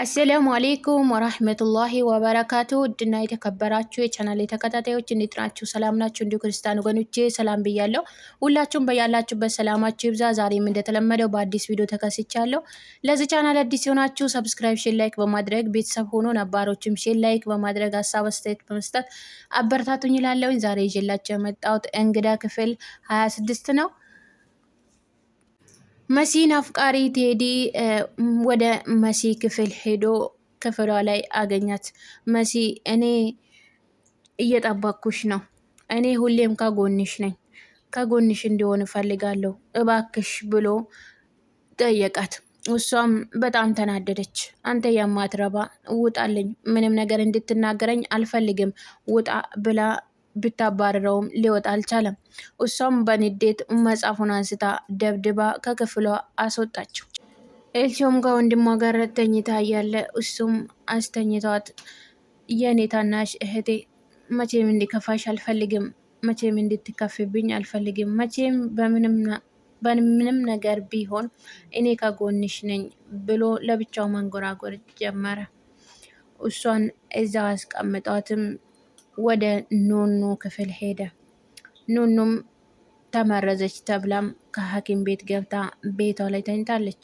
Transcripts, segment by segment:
አሰላሙ አሌይኩም ወራህመቱላሂ ወበረካቱ እድና የተከበራችሁ የቻናል የተከታታዮች እንዴት ናችሁ? ሰላም ናችሁ? እንዲሁ ክርስቲያን ወገኖቼ ሰላም ብያለሁ። ሁላችሁም በያላችሁበት ሰላማችሁ ይብዛ። ዛሬም እንደተለመደው በአዲስ ቪዲዮ ተከስቻለሁ። ለዚህ ቻናል አዲስ የሆናችሁ ሰብስክራይብ፣ ሼር፣ ላይክ በማድረግ ቤተሰብ ሆኖ ነባሮችም ሼር፣ ላይክ በማድረግ ሀሳብ አስተያየት በመስጠት አበረታቱኝ እላለሁኝ። ዛሬ ይዤላችሁ የመጣሁት እንግዳ ክፍል ሀያ ስድስት ነው። መሲን አፍቃሪ ቴዲ ወደ መሲ ክፍል ሄዶ ክፍሏ ላይ አገኛት። መሲ እኔ እየጠበኩሽ ነው። እኔ ሁሌም ከጎንሽ ነኝ፣ ከጎንሽ እንዲሆን እፈልጋለሁ እባክሽ ብሎ ጠየቃት። እሷም በጣም ተናደደች። አንተ የማትረባ ውጣልኝ፣ ምንም ነገር እንድትናገረኝ አልፈልግም፣ ውጣ ብላ ብታባረረውም ሊወጣ አልቻለም። እሷም በንዴት መጽሐፉን አንስታ ደብድባ ከክፍሏ አስወጣችው። ኤልሲዮም ከወንድሟ ጋር ተኝታ እያለ እሱም አስተኝቷት የኔታናሽ ታናሽ እህቴ መቼም እንዲከፋሽ አልፈልግም፣ መቼም እንድትከፍብኝ አልፈልግም፣ መቼም በምንም ነገር ቢሆን እኔ ከጎንሽ ነኝ ብሎ ለብቻው መንጎራጎር ጀመረ። እሷን እዛ አስቀምጧትም ወደ ኖኖ ክፍል ሄደ። ኖኖም ተመረዘች ተብላም ከሐኪም ቤት ገብታ ቤቷ ላይ ተኝታለች።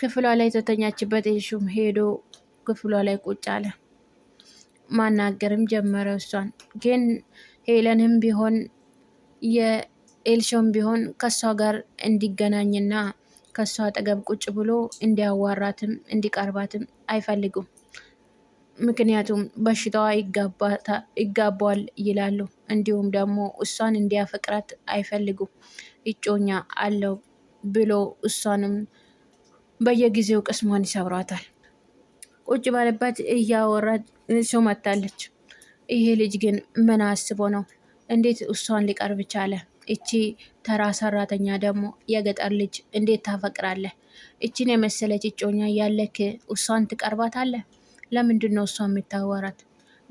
ክፍሏ ላይ ተተኛችበት ሹም ሄዶ ክፍሏ ላይ ቁጭ አለ። ማናገርም ጀመረ እሷን ግን ሄለንም ቢሆን የኤልሾም ቢሆን ከእሷ ጋር እንዲገናኝና ከእሷ አጠገብ ቁጭ ብሎ እንዲያዋራትም እንዲቀርባትም አይፈልጉም። ምክንያቱም በሽታዋ ይጋባዋል ይላሉ። እንዲሁም ደግሞ እሷን እንዲያፈቅራት አይፈልጉም። እጮኛ አለው ብሎ እሷንም በየጊዜው ቅስሟን ይሰብሯታል። ቁጭ ባለባት እያወራች መታለች ይሄ ልጅ ግን ምን አስቦ ነው? እንዴት እሷን ሊቀርብ ቻለ? እቺ ተራ ሰራተኛ ደግሞ የገጠር ልጅ እንዴት ታፈቅራለህ? እችን የመሰለች እጮኛ ያለክ እሷን ትቀርባታለህ? ለምንድን ነው እሷ የምታወራት?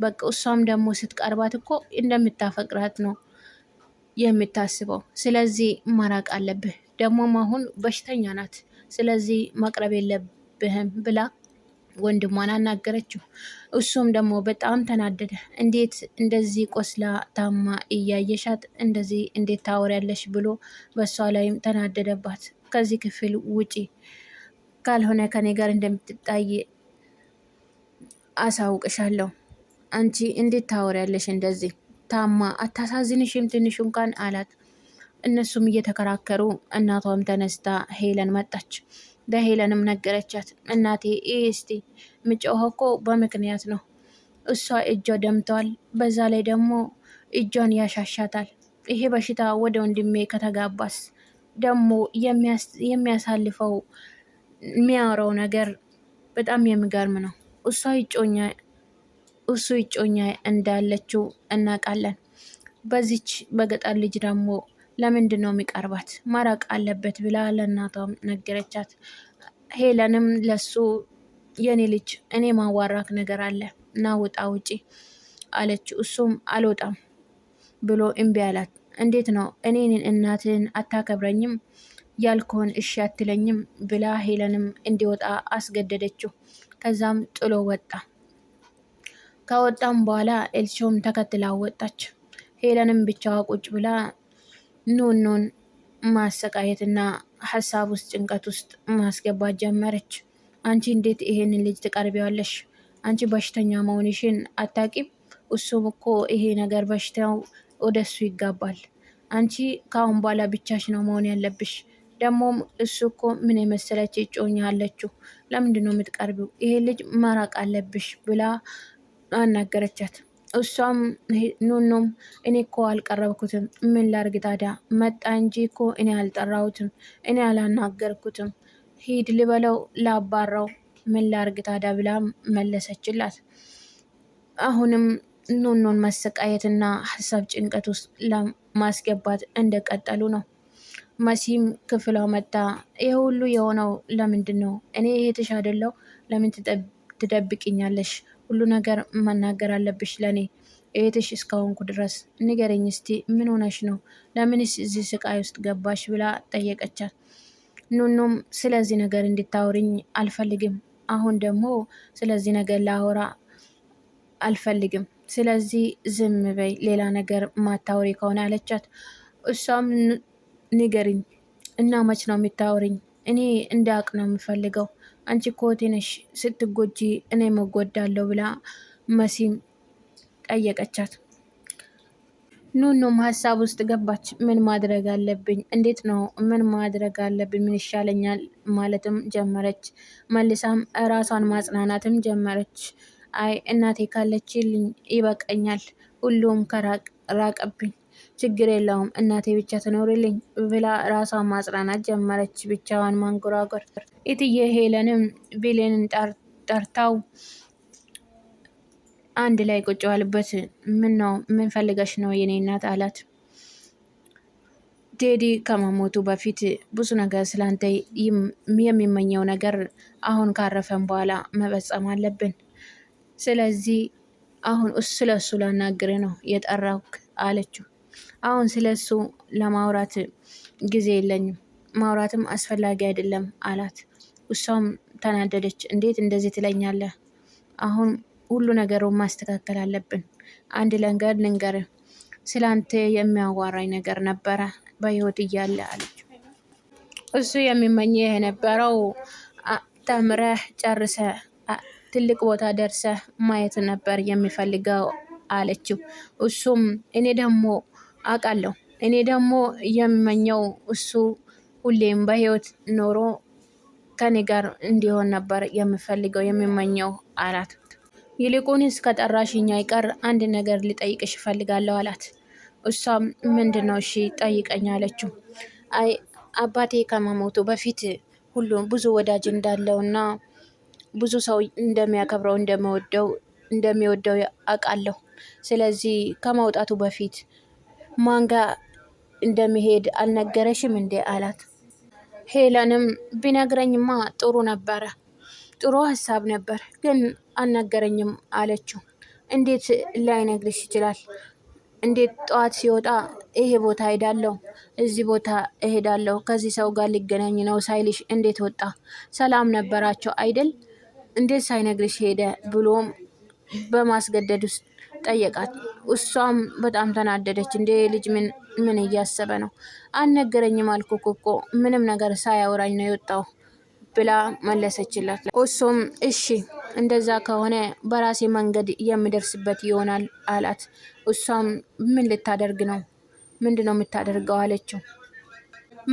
በቃ እሷም ደግሞ ስትቀርባት እኮ እንደምታፈቅራት ነው የምታስበው። ስለዚህ መራቅ አለብህ፣ ደግሞም አሁን በሽተኛ ናት፣ ስለዚህ መቅረብ የለብህም ብላ ወንድሟን አናገረችው። እሱም ደግሞ በጣም ተናደደ። እንዴት እንደዚህ ቆስላ ታማ እያየሻት እንደዚህ እንዴት ታወሪያለሽ? ብሎ በእሷ ላይም ተናደደባት። ከዚህ ክፍል ውጪ ካልሆነ ከኔ ጋር እንደምትጣይ አሳውቅሻለሁ። አንቺ እንዴት ታወሪያለሽ እንደዚህ ታማ አታሳዝንሽም ትንሽ እንኳን አላት። እነሱም እየተከራከሩ እናቷም ተነስታ ሄለን መጣች። ለሄለንም ነገረቻት። እናቴ ይህ እስቲ ምጮኸው እኮ በምክንያት ነው። እሷ እጇ ደምተዋል፣ በዛ ላይ ደግሞ እጇን ያሻሻታል። ይሄ በሽታ ወደ ወንድሜ ከተጋባስ ደግሞ የሚያሳልፈው የሚያወራው ነገር በጣም የሚገርም ነው። እሷ ይጮኛ እሱ ይጮኛ እንዳለችው እናውቃለን። በዚች በገጠር ልጅ ደግሞ ለምንድን ነው የሚቀርባት? መራቅ አለበት ብላ ለእናቷም ነገረቻት። ሄለንም ለሱ የኔ ልጅ እኔ ማዋራክ ነገር አለ እና ውጣ ውጪ አለች እሱም አልወጣም ብሎ እምቢ አላት። እንዴት ነው እኔን እናትን አታከብረኝም ያልከውን እሺ አትለኝም ብላ ሄለንም እንዲወጣ አስገደደችው። ከዛም ጥሎ ወጣ። ከወጣም በኋላ ኤልሾም ተከትላ ወጣች። ሄለንም ብቻዋ ቁጭ ብላ ኑኑን ማሰቃየትና ሀሳብ ውስጥ ጭንቀት ውስጥ ማስገባት ጀመረች። አንቺ እንዴት ይሄንን ልጅ ትቀርቢዋለሽ? አንቺ በሽተኛ መሆንሽን አታቂም? እሱም እኮ ይሄ ነገር በሽታው ወደሱ ይጋባል። አንቺ ከአሁን በኋላ ብቻሽ ነው መሆን ያለብሽ። ደግሞም እሱ እኮ ምን የመሰለች እጮኛ አለችው። ለምንድን ነው የምትቀርቢው? ይሄ ልጅ መራቅ አለብሽ ብላ አናገረቻት። እሷም ኑኖም እኔ እኮ አልቀረብኩትም፣ ምን ላርግ ታዲያ? መጣ እንጂ እኮ እኔ አልጠራሁትም፣ እኔ አላናገርኩትም፣ ሂድ ልበለው፣ ላባራው፣ ምን ላርግ ታዲያ ብላ መለሰችላት። አሁንም ኑኖን ማሰቃየትና ሀሳብ ጭንቀት ውስጥ ለማስገባት እንደቀጠሉ ነው። መሲም ክፍሏ መጣ። ይህ ሁሉ የሆነው ለምንድን ነው? እኔ እህትሽ አይደለሁ? ለምን ትደብቅኛለሽ? ሁሉ ነገር መናገር አለብሽ ለእኔ እህትሽ እስካሁንኩ ድረስ ንገረኝ እስቲ ምን ሆነሽ ነው? ለምንስ እዚህ ስቃይ ውስጥ ገባሽ? ብላ ጠየቀቻት። ኑኑም ስለዚህ ነገር እንድታወሪኝ አልፈልግም። አሁን ደግሞ ስለዚህ ነገር ላወራ አልፈልግም። ስለዚህ ዝም በይ፣ ሌላ ነገር ማታወሪ ከሆነ አለቻት። እሷም ንገርኝ እና መች ነው የምታወሪኝ? እኔ እንዳውቅ ነው የምፈልገው። አንቺ ኮቴነሽ ስትጎጂ እኔ መጎዳለሁ ብላ መሲም ጠየቀቻት። ኑኑም ሀሳብ ውስጥ ገባች። ምን ማድረግ አለብኝ? እንዴት ነው ምን ማድረግ አለብኝ? ምን ይሻለኛል ማለትም ጀመረች። መልሳም ራሷን ማጽናናትም ጀመረች። አይ እናቴ ካለችልኝ ይበቃኛል፣ ሁሉም ከራቀብኝ ችግር የለውም እናቴ ብቻ ትኖርልኝ ብላ ራሷን ማጽናናት ጀመረች፣ ብቻዋን ማንጎራጎር። እትዬ ሄለንም ቢሌንን ጠርታው አንድ ላይ ቁጭ ዋልበት። ምን ነው ምን ፈልገሽ ነው የኔ እናት አላት። ቴዲ ከመሞቱ በፊት ብዙ ነገር ስላንተ የሚመኘው ነገር አሁን ካረፈን በኋላ መፈጸም አለብን። ስለዚህ አሁን ስለ እሱ ላናግር ነው የጠራውክ አለችው። አሁን ስለ እሱ ለማውራት ጊዜ የለኝም፣ ማውራትም አስፈላጊ አይደለም አላት። እሷም ተናደደች። እንዴት እንደዚህ ትለኛለህ? አሁን ሁሉ ነገሩን ማስተካከል አለብን። አንድ ነገር ልንገር፣ ስለ አንተ የሚያዋራኝ ነገር ነበረ በህይወት እያለ አለች። እሱ የሚመኝ የነበረው ተምረህ ጨርሰ ትልቅ ቦታ ደርሰህ ማየት ነበር የሚፈልገው አለችው። እሱም እኔ ደግሞ አውቃለሁ። እኔ ደግሞ የምመኘው እሱ ሁሌም በህይወት ኖሮ ከኔ ጋር እንዲሆን ነበር የምፈልገው የምመኘው አላት። ይልቁንስ ከጠራሽኛ አይቀር አንድ ነገር ልጠይቅሽ እፈልጋለሁ አላት። እሷም ምንድን ነው እሺ ጠይቀኝ አለችው። አይ አባቴ ከመሞቱ በፊት ሁሉም ብዙ ወዳጅ እንዳለው እና ብዙ ሰው እንደሚያከብረው እንደሚወደው እንደሚወደው አውቃለሁ። ስለዚህ ከመውጣቱ በፊት ማንጋ እንደሚሄድ አልነገረሽም እንዴ አላት። ሄለንም ቢነግረኝማ ጥሩ ነበረ፣ ጥሩ ሀሳብ ነበር፣ ግን አልነገረኝም አለችው። እንዴት ላይነግርሽ ይችላል? እንዴት ጠዋት ሲወጣ ይሄ ቦታ እሄዳለሁ፣ እዚህ ቦታ እሄዳለሁ፣ ከዚህ ሰው ጋር ሊገናኝ ነው ሳይልሽ እንዴት ወጣ? ሰላም ነበራቸው አይደል? እንዴት ሳይነግርሽ ሄደ? ብሎም በማስገደድ ውስጥ ጠየቃት። እሷም በጣም ተናደደች። እንዴ ልጅ ምን ምን እያሰበ ነው? አልነገረኝም አልኩህ እኮ ምንም ነገር ሳያወራኝ ነው የወጣው ብላ መለሰችላት። እሱም እሺ እንደዛ ከሆነ በራሴ መንገድ የምደርስበት ይሆናል አላት። እሷም ምን ልታደርግ ነው? ምንድን ነው የምታደርገው አለችው።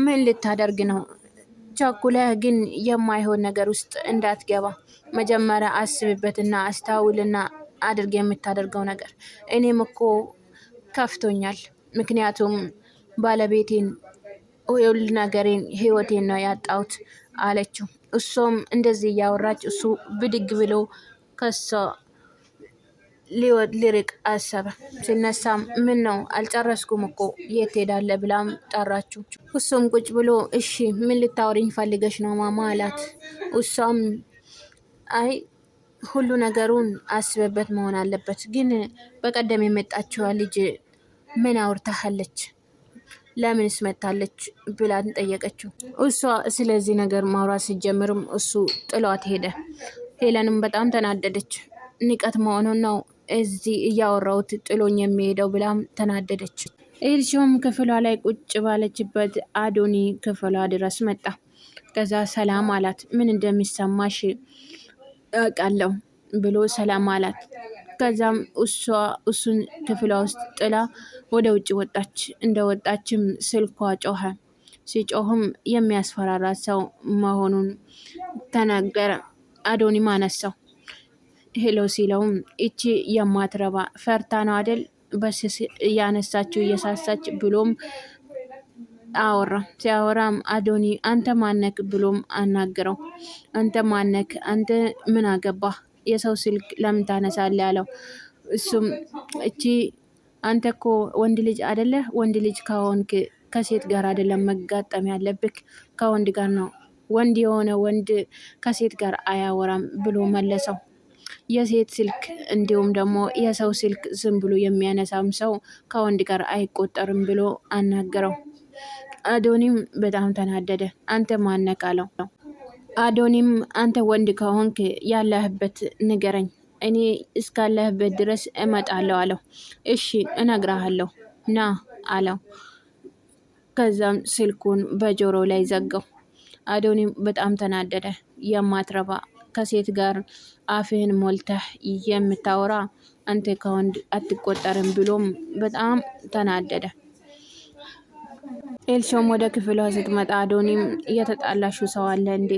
ምን ልታደርግ ነው? ቸኩለህ ግን የማይሆን ነገር ውስጥ እንዳትገባ መጀመሪያ አስብበትና አስታውልና አድርግ የምታደርገው ነገር። እኔም እኮ ከፍቶኛል፣ ምክንያቱም ባለቤቴን ሁሉ ነገሬን ህይወቴን ነው ያጣሁት አለችው። እሷም እንደዚህ እያወራች እሱ ብድግ ብሎ ከሷ ሊርቅ አሰበ። ሲነሳም ምን ነው አልጨረስኩም እኮ የት ሄዳለ ብላም ጠራችው። እሱም ቁጭ ብሎ እሺ ምን ልታወሪኝ ፈልገሽ ነው ማማ አላት። እሷም አይ ሁሉ ነገሩን አስበበት መሆን አለበት። ግን በቀደም የመጣችዋ ልጅ ምን አውርታሃለች? ለምንስ መታለች ብላን ጠየቀችው። እሷ ስለዚህ ነገር ማውራት ሲጀምርም እሱ ጥሏት ሄደ። ሄለንም በጣም ተናደደች። ንቀት መሆኑን ነው እዚህ እያወራሁት ጥሎኝ የሚሄደው ብላም ተናደደች። ኤልሲዮም ክፍሏ ላይ ቁጭ ባለችበት አዶኒ ክፍሏ ድረስ መጣ። ከዛ ሰላም አላት። ምን እንደሚሰማሽ እቃለሁ ብሎ ሰላም አላት። ከዛም እሷ እሱን ክፍሏ ውስጥ ጥላ ወደ ውጭ ወጣች። እንደ ወጣችም ስልኳ ጮኸ። ሲጮህም የሚያስፈራራ ሰው መሆኑን ተናገረ። አዶኒም አነሳው። ሄሎ ሲለውም ይቺ የማትረባ ፈርታ ነው አደል በስስ እያነሳችው እየሳሳች ብሎም አወራ። ሲያወራም አዶኒ አንተ ማነክ ብሎም አናገረው። አንተ ማነክ? አንተ ምን አገባ? የሰው ስልክ ለምን ታነሳለህ? ያለው እሱም እቺ አንተ እኮ ወንድ ልጅ አደለ? ወንድ ልጅ ከሆንክ ከሴት ጋር አይደለም መጋጠም ያለብክ ከወንድ ጋር ነው። ወንድ የሆነ ወንድ ከሴት ጋር አያወራም ብሎ መለሰው። የሴት ስልክ እንዲሁም ደግሞ የሰው ስልክ ዝም ብሎ የሚያነሳም ሰው ከወንድ ጋር አይቆጠርም ብሎ አናገረው። አዶኒም በጣም ተናደደ። አንተ ማነቃለው አለው። አዶኒም አንተ ወንድ ከሆንክ ያለህበት ንገረኝ፣ እኔ እስካለህበት ድረስ እመጣለሁ አለው። እሺ እነግራሃለሁ፣ ና አለው። ከዛም ስልኩን በጆሮ ላይ ዘጋው። አዶኒም በጣም ተናደደ። የማትረባ ከሴት ጋር አፍህን ሞልተህ የምታወራ አንተ ከወንድ አትቆጠርም ብሎም በጣም ተናደደ። ኤልሾም ወደ ክፍሏ ስትመጣ አዶኒም እየተጣላሹ ሰው አለ እንዴ?